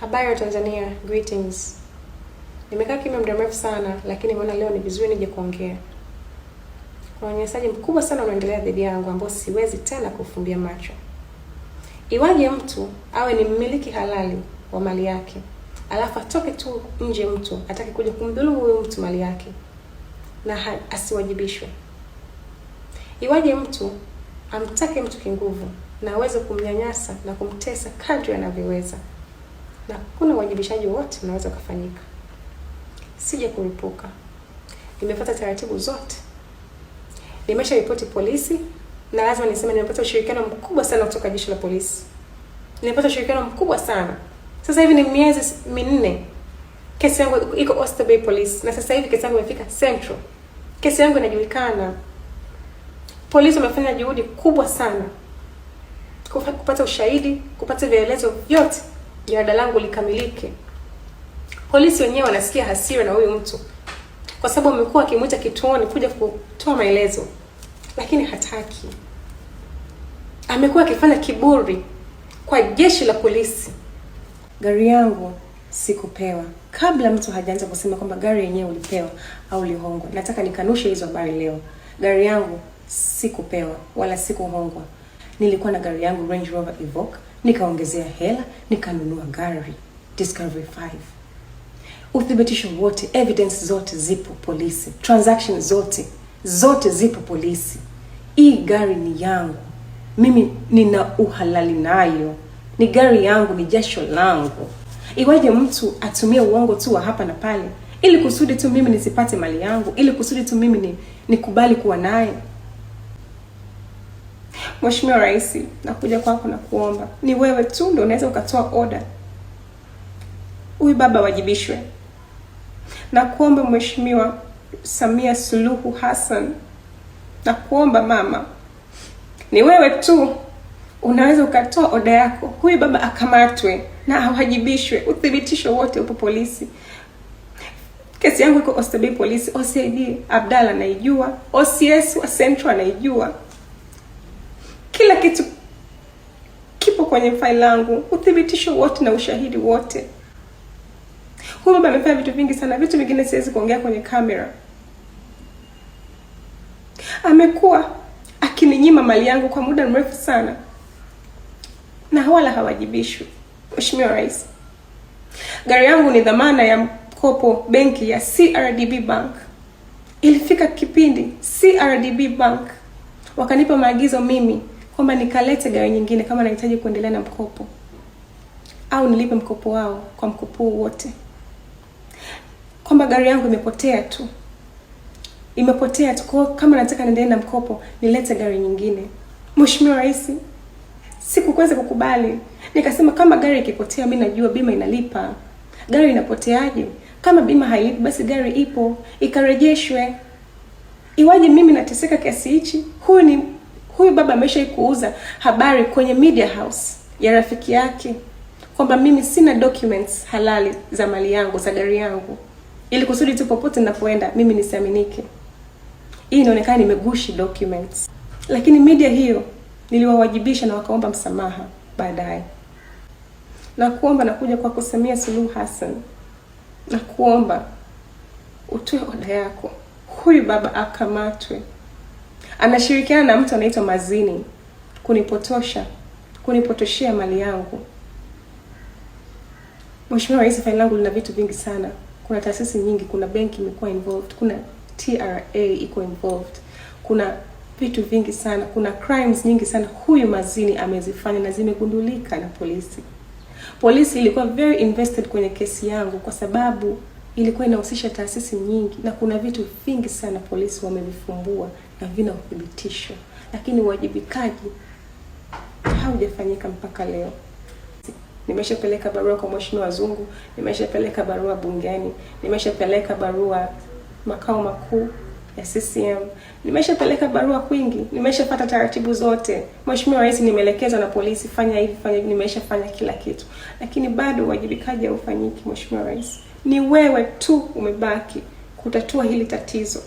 Habari ya Tanzania, greetings. Nimekaa kimya muda mrefu sana, lakini nimeona leo ni vizuri nije kuongea. Kuna unyanyasaji mkubwa sana unaendelea dhidi yangu ambao siwezi tena kufumbia macho. Iwaje mtu awe ni mmiliki halali wa mali yake, alafu atoke tu nje mtu atake kuja kumdhuru huyo mtu mali yake na asiwajibishwe? Iwaje mtu amtake mtu kinguvu na aweze kumnyanyasa na kumtesa kadri anavyoweza? na hakuna uwajibishaji wote unaweza kufanyika. Sije kulipuka, nimefuata taratibu zote, nimesha ripoti polisi, na lazima niseme nimepata ushirikiano mkubwa sana kutoka jeshi la polisi, nimepata ushirikiano mkubwa sana. Sasa hivi ni miezi minne kesi yangu iko Oyster Bay Police, na sasa hivi kesi yangu imefika Central, kesi yangu inajulikana. Polisi wamefanya juhudi kubwa sana kupata ushahidi, kupata vielezo vyote jarada langu likamilike. Polisi wenyewe wanasikia hasira na huyu mtu, kwa sababu amekuwa akimwita kituoni kuja kutoa maelezo, lakini hataki. Amekuwa akifanya kiburi kwa jeshi la polisi. Gari yangu sikupewa. Kabla mtu hajaanza kusema kwamba gari yenyewe ulipewa au ulihongwa, nataka nikanushe hizo habari leo. Gari yangu sikupewa wala sikuhongwa. Nilikuwa na gari yangu Range Rover Evoque nikaongezea hela, nikanunua gari Discovery 5. Uthibitisho wote, evidence zote zipo polisi, transaction zote zote zipo polisi. Hii gari ni yangu mimi, nina uhalali nayo, ni gari yangu, ni jasho langu. Iwaje mtu atumie uongo tu wa hapa na pale, ili kusudi tu mimi nisipate mali yangu, ili kusudi tu mimi ni, nikubali kuwa naye. Mheshimiwa Rais, nakuja kwako na kuomba, ni wewe tu ndio unaweza ukatoa oda huyu baba wajibishwe, na kuomba Mheshimiwa Samia Suluhu Hassan, na kuomba mama, ni wewe tu unaweza ukatoa oda yako, huyu baba akamatwe na awajibishwe. Uthibitisho wote upo polisi. Kesi yangu iko OCB polisi, OCD Abdalla anaijua, OCS wa Central anaijua kitu kipo kwenye faili langu, uthibitisho wote na ushahidi wote. Huyu baba amefanya vitu vingi sana, vitu vingine siwezi kuongea kwenye kamera. Amekuwa akininyima mali yangu kwa muda mrefu sana na wala hawajibishwi. Mheshimiwa Rais, gari yangu ni dhamana ya mkopo benki ya CRDB Bank. Ilifika kipindi CRDB Bank wakanipa maagizo mimi kwamba nikalete gari nyingine kama nahitaji kuendelea na mkopo au nilipe mkopo wao kwa mkopo wote, kwamba gari yangu imepotea tu, imepotea tu. kwao kama nataka niendelee na mkopo, nilete gari nyingine. Mheshimiwa Rais, sikuweza kukubali, nikasema kama gari ikipotea, mimi najua bima inalipa. Gari inapoteaje? Kama bima hailipi, basi gari ipo ikarejeshwe. Iwaje mimi nateseka kiasi hichi? Huyu ni Huyu baba ameshaikuuza habari kwenye media house ya rafiki yake kwamba mimi sina documents halali za mali yangu za gari yangu, ili kusudi tu popote ninapoenda mimi nisiaminike. Hii inaonekana nimegushi documents, lakini media hiyo niliwawajibisha na wakaomba msamaha baadaye. Na kuomba nakuja kwako Samia Suluhu Hassan, na kuomba utoe oda yako, huyu baba akamatwe. Anashirikiana na mtu anaitwa Mazini kunipotosha, kunipotoshea mali yangu. Mheshimiwa Rais, faili langu lina vitu vingi sana. Kuna taasisi nyingi, kuna benki imekuwa involved, kuna TRA iko involved, kuna vitu vingi sana, kuna crimes nyingi sana huyu Mazini amezifanya na zimegundulika na polisi. Polisi ilikuwa very invested kwenye kesi yangu kwa sababu ilikuwa inahusisha taasisi nyingi, na kuna vitu vingi sana polisi wamevifumbua na vina uthibitisho, lakini uwajibikaji haujafanyika mpaka leo. Nimeshapeleka barua kwa mheshimiwa Zungu, nimeshapeleka barua bungeni, nimeshapeleka barua makao makuu ya CCM, nimeshapeleka barua kwingi, nimeshapata taratibu zote. Mheshimiwa Rais, nimeelekeza na polisi, fanya hivi, fanya hivi, nimeshafanya kila kitu, lakini bado uwajibikaji haufanyiki, Mheshimiwa Rais. Ni wewe tu umebaki kutatua hili tatizo.